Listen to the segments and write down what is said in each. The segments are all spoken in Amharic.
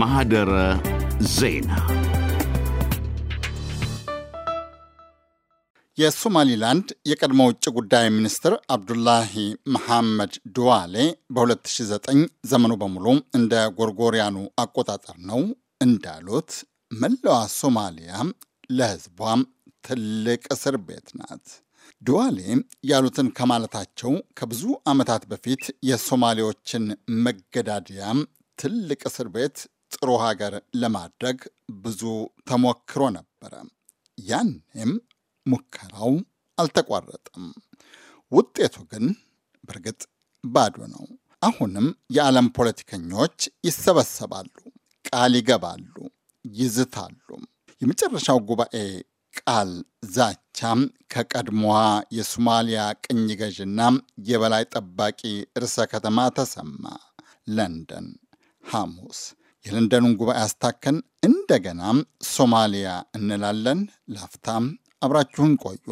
ማህደረ ዜና የሶማሊላንድ የቀድሞ ውጭ ጉዳይ ሚኒስትር አብዱላሂ መሐመድ ዱዋሌ በ2009 ዘመኑ በሙሉ እንደ ጎርጎሪያኑ አቆጣጠር ነው እንዳሉት መላዋ ሶማሊያ ለህዝቧም ትልቅ እስር ቤት ናት። ድዋሌ ያሉትን ከማለታቸው ከብዙ ዓመታት በፊት የሶማሌዎችን መገዳደያም ትልቅ እስር ቤት ጥሩ ሀገር ለማድረግ ብዙ ተሞክሮ ነበረ። ያኔም ሙከራው አልተቋረጠም። ውጤቱ ግን በእርግጥ ባዶ ነው። አሁንም የዓለም ፖለቲከኞች ይሰበሰባሉ፣ ቃል ይገባሉ፣ ይዝታሉ። የመጨረሻው ጉባኤ ቃል ዛቻም ከቀድሞዋ የሶማሊያ ቅኝ ገዥና የበላይ ጠባቂ ርዕሰ ከተማ ተሰማ። ለንደን ሐሙስ። የለንደኑን ጉባኤ አስታከን እንደገናም ሶማሊያ እንላለን። ላፍታም አብራችሁን ቆዩ።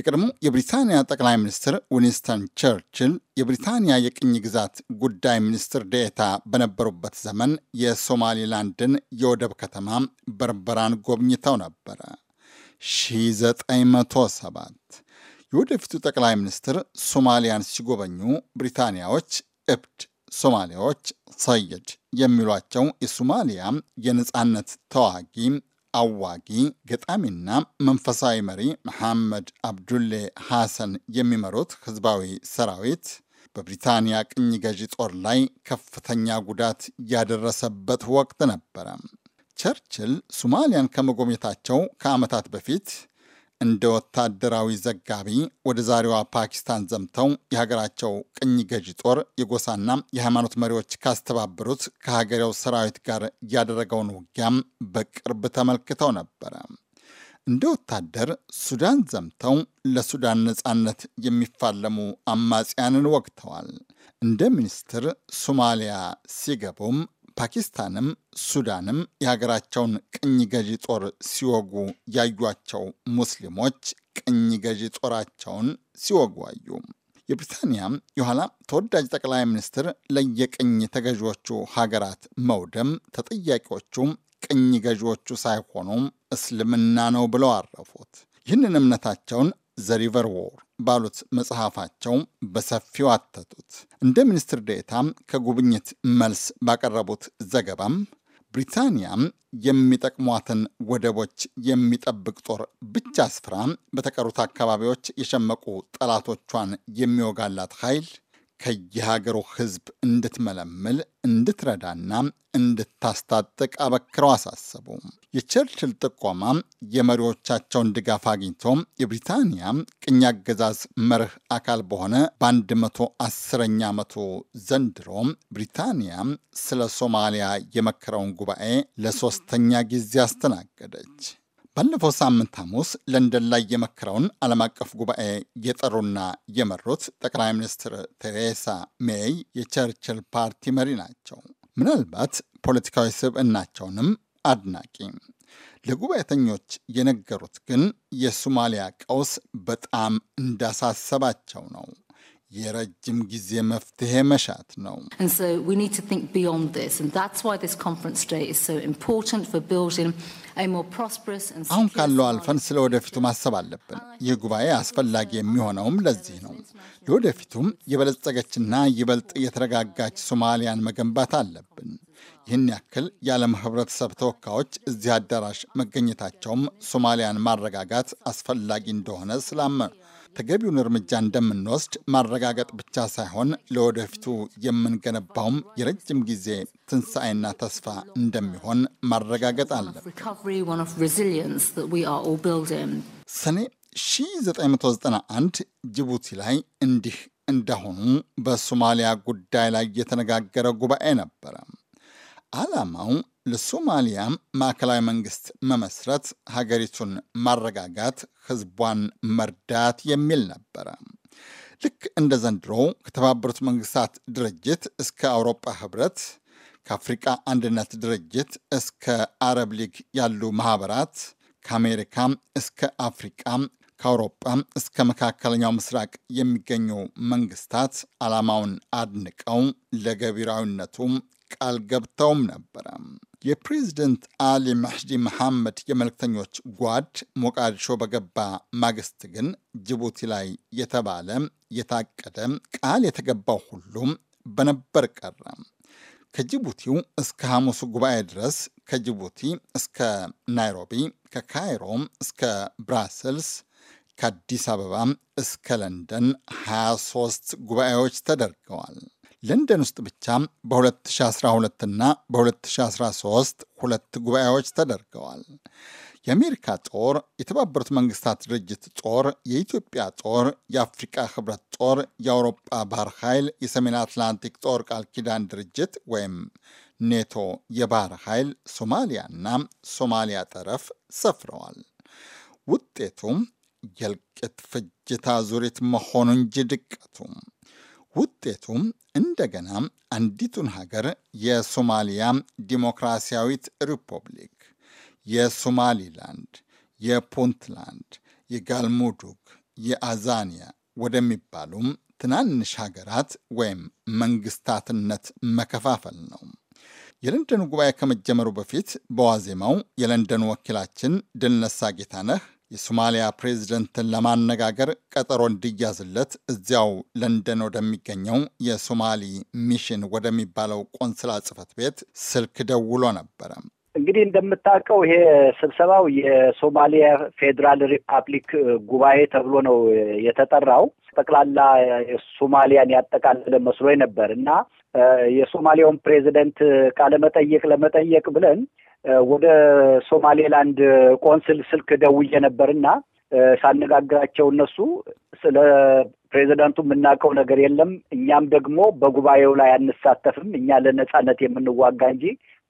የቀድሞ የብሪታንያ ጠቅላይ ሚኒስትር ዊንስተን ቸርችል የብሪታንያ የቅኝ ግዛት ጉዳይ ሚኒስትር ዴኤታ በነበሩበት ዘመን የሶማሊላንድን የወደብ ከተማ በርበራን ጎብኝተው ነበረ። 1907 የወደፊቱ ጠቅላይ ሚኒስትር ሶማሊያን ሲጎበኙ ብሪታንያዎች እብድ፣ ሶማሊያዎች ሰይድ የሚሏቸው የሶማሊያ የነፃነት ተዋጊ አዋጊ ገጣሚና መንፈሳዊ መሪ መሐመድ አብዱሌ ሐሰን የሚመሩት ህዝባዊ ሰራዊት በብሪታንያ ቅኝ ገዢ ጦር ላይ ከፍተኛ ጉዳት ያደረሰበት ወቅት ነበረ። ቸርችል ሱማሊያን ከመጎብኘታቸው ከዓመታት በፊት እንደ ወታደራዊ ዘጋቢ ወደ ዛሬዋ ፓኪስታን ዘምተው የሀገራቸው ቅኝ ገዢ ጦር የጎሳና የሃይማኖት መሪዎች ካስተባበሩት ከሀገሬው ሰራዊት ጋር ያደረገውን ውጊያም በቅርብ ተመልክተው ነበረ። እንደ ወታደር ሱዳን ዘምተው ለሱዳን ነፃነት የሚፋለሙ አማጽያንን ወግተዋል። እንደ ሚኒስትር ሶማሊያ ሲገቡም ፓኪስታንም ሱዳንም የሀገራቸውን ቅኝ ገዢ ጦር ሲወጉ ያዩቸው ሙስሊሞች ቅኝ ገዢ ጦራቸውን ሲወጉ አዩ። የብሪታንያ የኋላ ተወዳጅ ጠቅላይ ሚኒስትር ለየቅኝ ተገዢዎቹ ሀገራት መውደም ተጠያቂዎቹ ቅኝ ገዢዎቹ ሳይሆኑ እስልምና ነው ብለው አረፉት። ይህንን እምነታቸውን ዘሪቨር ሪቨር ዎር ባሉት መጽሐፋቸው በሰፊው አተቱት። እንደ ሚኒስትር ዴታ ከጉብኝት መልስ ባቀረቡት ዘገባም ብሪታንያም የሚጠቅሟትን ወደቦች የሚጠብቅ ጦር ብቻ አስፍራ በተቀሩት አካባቢዎች የሸመቁ ጠላቶቿን የሚወጋላት ኃይል ከየሀገሩ ህዝብ እንድትመለምል እንድትረዳና እንድታስታጥቅ አበክረው አሳሰቡ። የቸርችል ጥቆማ የመሪዎቻቸውን ድጋፍ አግኝቶ የብሪታንያ ቅኝ አገዛዝ መርህ አካል በሆነ በ110ኛ ዓመቱ ዘንድሮ ብሪታንያ ስለ ሶማሊያ የመከረውን ጉባኤ ለሶስተኛ ጊዜ አስተናገደች። ባለፈው ሳምንት ሐሙስ ለንደን ላይ የመከረውን ዓለም አቀፍ ጉባኤ የጠሩና የመሩት ጠቅላይ ሚኒስትር ቴሬሳ ሜይ የቸርችል ፓርቲ መሪ ናቸው። ምናልባት ፖለቲካዊ ስብዕናቸውንም አድናቂ ለጉባኤተኞች የነገሩት ግን የሶማሊያ ቀውስ በጣም እንዳሳሰባቸው ነው። የረጅም ጊዜ መፍትሄ መሻት ነው። አሁን ካለው አልፈን ስለ ወደፊቱ ማሰብ አለብን። ይህ ጉባኤ አስፈላጊ የሚሆነውም ለዚህ ነው። ለወደፊቱም የበለጸገችና ይበልጥ የተረጋጋች ሶማሊያን መገንባት አለብን። ይህን ያክል የዓለም ህብረተሰብ ተወካዮች እዚህ አዳራሽ መገኘታቸውም ሶማሊያን ማረጋጋት አስፈላጊ እንደሆነ ስላመ ተገቢውን እርምጃ እንደምንወስድ ማረጋገጥ ብቻ ሳይሆን ለወደፊቱ የምንገነባውም የረጅም ጊዜ ትንሣኤና ተስፋ እንደሚሆን ማረጋገጥ አለ። ሰኔ 1991 ጅቡቲ ላይ እንዲህ እንደሆኑ በሶማሊያ ጉዳይ ላይ የተነጋገረ ጉባኤ ነበረ። ዓላማው ለሶማሊያ ማዕከላዊ መንግስት መመስረት፣ ሀገሪቱን ማረጋጋት፣ ህዝቧን መርዳት የሚል ነበረ። ልክ እንደ ዘንድሮው ከተባበሩት መንግስታት ድርጅት እስከ አውሮፓ ህብረት ከአፍሪቃ አንድነት ድርጅት እስከ አረብ ሊግ ያሉ ማህበራት ከአሜሪካ እስከ አፍሪቃ ከአውሮጳ እስከ መካከለኛው ምስራቅ የሚገኙ መንግስታት ዓላማውን አድንቀው ለገቢራዊነቱም ቃል ገብተውም ነበረ። የፕሬዝደንት አሊ መህዲ መሐመድ የመልክተኞች ጓድ ሞቃዲሾ በገባ ማግስት ግን ጅቡቲ ላይ የተባለ የታቀደ ቃል የተገባው ሁሉም በነበር ቀረ። ከጅቡቲው እስከ ሐሙሱ ጉባኤ ድረስ ከጅቡቲ እስከ ናይሮቢ፣ ከካይሮም እስከ ብራስልስ፣ ከአዲስ አበባ እስከ ለንደን 23 ጉባኤዎች ተደርገዋል። ለንደን ውስጥ ብቻ በ2012 እና በ2013 ሁለት ጉባኤዎች ተደርገዋል። የአሜሪካ ጦር፣ የተባበሩት መንግስታት ድርጅት ጦር፣ የኢትዮጵያ ጦር፣ የአፍሪቃ ህብረት ጦር፣ የአውሮጳ ባህር ኃይል፣ የሰሜን አትላንቲክ ጦር ቃል ኪዳን ድርጅት ወይም ኔቶ የባህር ኃይል ሶማሊያና ሶማሊያ ጠረፍ ሰፍረዋል። ውጤቱም የእልቂት ፍጅታ ዙሪት መሆኑ እንጂ ድቀቱም ውጤቱም እንደገና አንዲቱን ሀገር የሶማሊያ ዲሞክራሲያዊት ሪፐብሊክ፣ የሶማሊላንድ፣ የፑንትላንድ፣ የጋልሙዱግ፣ የአዛኒያ ወደሚባሉም ትናንሽ ሀገራት ወይም መንግስታትነት መከፋፈል ነው። የለንደኑ ጉባኤ ከመጀመሩ በፊት በዋዜማው የለንደን ወኪላችን ድልነሳ ጌታነህ የሶማሊያ ፕሬዝደንትን ለማነጋገር ቀጠሮ እንዲያዝለት እዚያው ለንደን ወደሚገኘው የሶማሊ ሚሽን ወደሚባለው ቆንስላ ጽሕፈት ቤት ስልክ ደውሎ ነበረ። እንግዲህ እንደምታውቀው ይሄ ስብሰባው የሶማሊያ ፌዴራል ሪፐብሊክ ጉባኤ ተብሎ ነው የተጠራው። ጠቅላላ ሶማሊያን ያጠቃለለ መስሎ ነበር እና የሶማሊያውን ፕሬዚደንት ቃለመጠየቅ ለመጠየቅ ብለን ወደ ሶማሌላንድ ቆንስል ስልክ ደውዬ ነበርና ሳነጋግራቸው እነሱ ስለ ፕሬዚዳንቱ የምናውቀው ነገር የለም፣ እኛም ደግሞ በጉባኤው ላይ አንሳተፍም፣ እኛ ለነጻነት የምንዋጋ እንጂ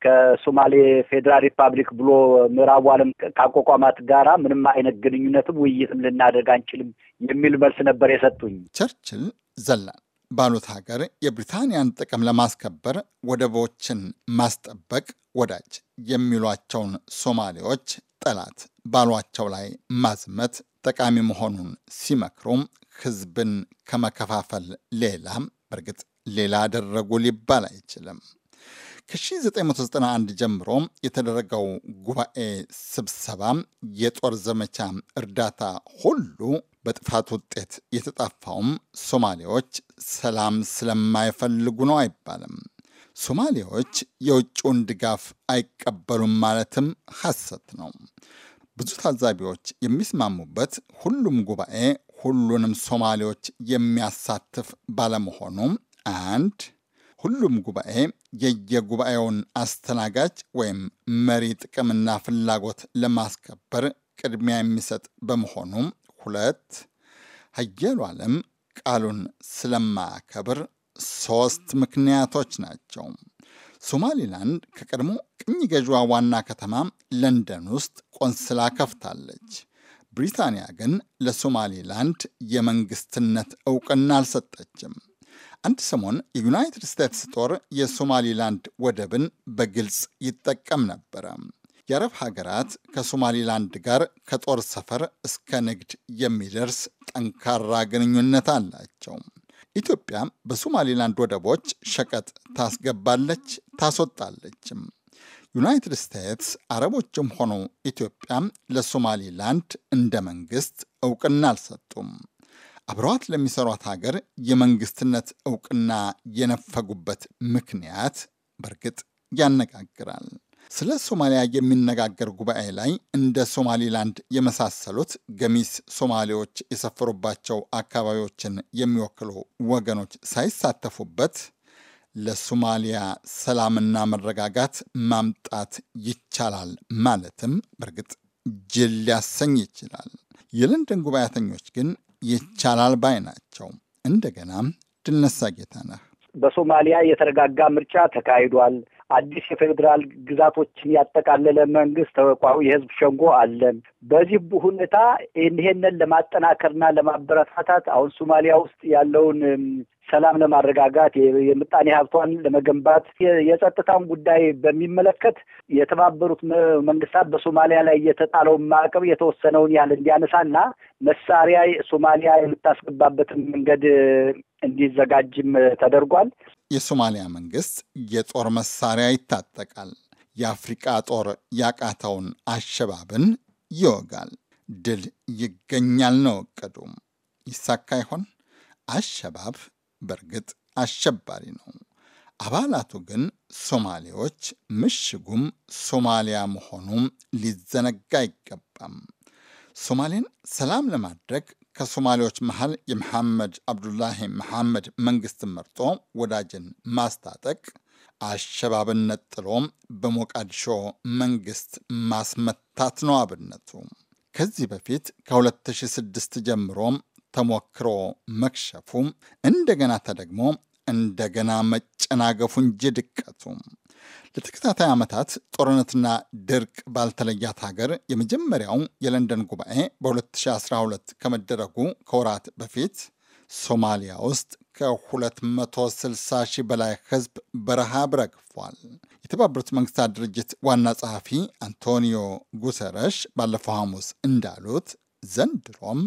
ከሶማሌ ፌዴራል ሪፐብሊክ ብሎ ምዕራቡ ዓለም ከአቋቋማት ጋራ ምንም አይነት ግንኙነትም ውይይትም ልናደርግ አንችልም የሚል መልስ ነበር የሰጡኝ። ቸርችል ዘላን ባሉት ሀገር የብሪታንያን ጥቅም ለማስከበር ወደቦችን ማስጠበቅ ወዳጅ የሚሏቸውን ሶማሌዎች ጠላት ባሏቸው ላይ ማዝመት ጠቃሚ መሆኑን ሲመክሩም ህዝብን ከመከፋፈል ሌላ በእርግጥ ሌላ አደረጉ ሊባል አይችልም። ከ1991 ጀምሮ የተደረገው ጉባኤ ስብሰባ፣ የጦር ዘመቻ፣ እርዳታ ሁሉ በጥፋት ውጤት የተጣፋውም ሶማሌዎች ሰላም ስለማይፈልጉ ነው አይባልም። ሶማሌዎች የውጭውን ድጋፍ አይቀበሉም ማለትም ሐሰት ነው። ብዙ ታዛቢዎች የሚስማሙበት ሁሉም ጉባኤ ሁሉንም ሶማሌዎች የሚያሳትፍ ባለመሆኑ፣ አንድ ሁሉም ጉባኤ የየጉባኤውን አስተናጋጅ ወይም መሪ ጥቅምና ፍላጎት ለማስከበር ቅድሚያ የሚሰጥ በመሆኑ ሁለት ሀያሉ ዓለም ቃሉን ስለማያከብር ሶስት ምክንያቶች ናቸው። ሶማሊላንድ ከቀድሞ ቅኝ ገዥዋ ዋና ከተማ ለንደን ውስጥ ቆንስላ ከፍታለች። ብሪታንያ ግን ለሶማሊላንድ የመንግስትነት እውቅና አልሰጠችም። አንድ ሰሞን የዩናይትድ ስቴትስ ጦር የሶማሊላንድ ወደብን በግልጽ ይጠቀም ነበረ። የአረብ ሀገራት ከሶማሊላንድ ጋር ከጦር ሰፈር እስከ ንግድ የሚደርስ ጠንካራ ግንኙነት አላቸው። ኢትዮጵያ በሶማሊላንድ ወደቦች ሸቀጥ ታስገባለች፣ ታስወጣለችም። ዩናይትድ ስቴትስ አረቦችም ሆኑ ኢትዮጵያ ለሶማሊላንድ እንደ መንግስት እውቅና አልሰጡም። አብረዋት ለሚሰሯት ሀገር የመንግስትነት እውቅና የነፈጉበት ምክንያት በእርግጥ ያነጋግራል። ስለ ሶማሊያ የሚነጋገር ጉባኤ ላይ እንደ ሶማሊላንድ የመሳሰሉት ገሚስ ሶማሌዎች የሰፈሩባቸው አካባቢዎችን የሚወክሉ ወገኖች ሳይሳተፉበት ለሶማሊያ ሰላምና መረጋጋት ማምጣት ይቻላል ማለትም በእርግጥ ጅል ሊያሰኝ ይችላል። የለንደን ጉባኤተኞች ግን ይቻላል ባይ ናቸው። እንደገና ድነሳ ጌታ ነህ። በሶማሊያ የተረጋጋ ምርጫ ተካሂዷል። አዲስ የፌዴራል ግዛቶችን ያጠቃለለ መንግስት ተቋቁሞ የህዝብ ሸንጎ አለን። በዚህ ሁኔታ ይህንን ለማጠናከርና ለማበረታታት አሁን ሶማሊያ ውስጥ ያለውን ሰላም ለማረጋጋት የምጣኔ ሀብቷን ለመገንባት የጸጥታን ጉዳይ በሚመለከት የተባበሩት መንግስታት በሶማሊያ ላይ የተጣለውን ማዕቀብ የተወሰነውን ያህል እንዲያነሳና መሳሪያ ሶማሊያ የምታስገባበትን መንገድ እንዲዘጋጅም ተደርጓል። የሶማሊያ መንግስት የጦር መሳሪያ ይታጠቃል፣ የአፍሪቃ ጦር ያቃተውን አሸባብን ይወጋል፣ ድል ይገኛል ነው እቅዱ። ይሳካ ይሆን? አሸባብ በእርግጥ አሸባሪ ነው። አባላቱ ግን ሶማሌዎች፣ ምሽጉም ሶማሊያ መሆኑም ሊዘነጋ አይገባም። ሶማሌን ሰላም ለማድረግ ከሶማሌዎች መሀል የመሐመድ አብዱላሂ መሐመድ መንግስትን መርጦ ወዳጅን ማስታጠቅ አሸባብነት ጥሎ በሞቃዲሾ መንግስት ማስመታት ነው አብነቱ። ከዚህ በፊት ከ2006 ጀምሮም ተሞክሮ መክሸፉ እንደገና ተደግሞ እንደገና መጨናገፉ እንጂ ድቀቱ ለተከታታይ ዓመታት ጦርነትና ድርቅ ባልተለያት ሀገር የመጀመሪያው የለንደን ጉባኤ በ2012 ከመደረጉ ከወራት በፊት ሶማሊያ ውስጥ ከ260 ሺህ በላይ ህዝብ በረሃብ ረግፏል። የተባበሩት መንግስታት ድርጅት ዋና ጸሐፊ አንቶኒዮ ጉተረሽ ባለፈው ሐሙስ እንዳሉት ዘንድሮም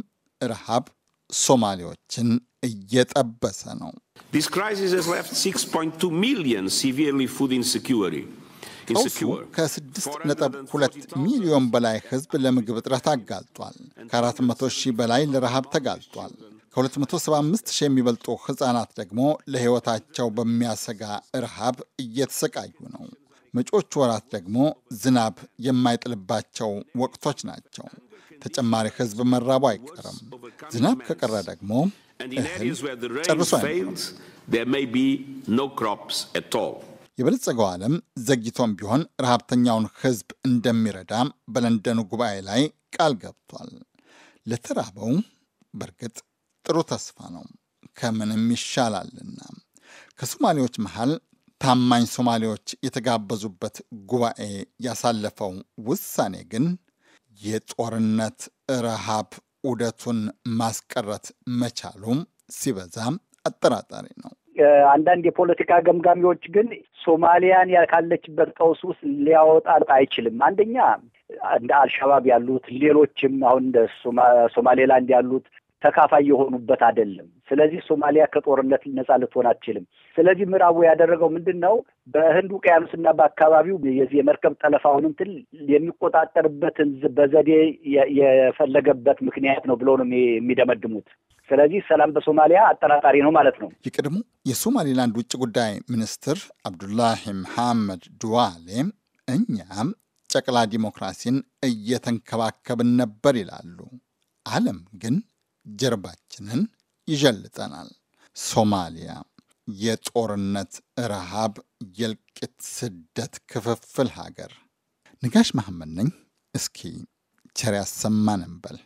ረሃብ ሶማሌዎችን እየጠበሰ ነው። ቀውሱ ከ6.2 ሚሊዮን በላይ ሕዝብ ለምግብ እጥረት አጋልጧል። ከ400 ሺህ በላይ ለረሃብ ተጋልጧል። ከ275 ሺህ የሚበልጡ ሕፃናት ደግሞ ለሕይወታቸው በሚያሰጋ ረሃብ እየተሰቃዩ ነው። መጪዎቹ ወራት ደግሞ ዝናብ የማይጥልባቸው ወቅቶች ናቸው። ተጨማሪ ሕዝብ መራቡ አይቀርም። ዝናብ ከቀረ ደግሞ እህል ጨርሶ የበለጸገው ዓለም ዘግይቶም ቢሆን ረሃብተኛውን ሕዝብ እንደሚረዳ በለንደኑ ጉባኤ ላይ ቃል ገብቷል። ለተራበው በእርግጥ ጥሩ ተስፋ ነው፣ ከምንም ይሻላልና። ከሶማሌዎች መሃል ታማኝ ሶማሌዎች የተጋበዙበት ጉባኤ ያሳለፈው ውሳኔ ግን የጦርነት ረሃብ ዑደቱን ማስቀረት መቻሉም ሲበዛም አጠራጣሪ ነው። አንዳንድ የፖለቲካ ገምጋሚዎች ግን ሶማሊያን ካለችበት ቀውስ ውስጥ ሊያወጣት አይችልም። አንደኛ እንደ አልሻባብ ያሉት ሌሎችም አሁን እንደ ሶማሌላንድ ያሉት ተካፋይ የሆኑበት አይደለም። ስለዚህ ሶማሊያ ከጦርነት ነፃ ልትሆን አትችልም። ስለዚህ ምዕራቡ ያደረገው ምንድን ነው? በህንድ ውቅያኖስና በአካባቢው የዚህ የመርከብ ጠለፋውን እንትን የሚቆጣጠርበትን በዘዴ የፈለገበት ምክንያት ነው ብሎ ነው የሚደመድሙት። ስለዚህ ሰላም በሶማሊያ አጠራጣሪ ነው ማለት ነው። የቀድሞ የሶማሌላንድ ውጭ ጉዳይ ሚኒስትር አብዱላሂ መሐመድ ድዋሌ እኛም ጨቅላ ዲሞክራሲን እየተንከባከብን ነበር ይላሉ። ዓለም ግን ጀርባችንን ይጀልጠናል። ሶማሊያ የጦርነት ረሃብ፣ የእልቂት፣ ስደት፣ ክፍፍል ሀገር። ንጋሽ መሐመድ ነኝ። እስኪ ቸር ያሰማን እንበል።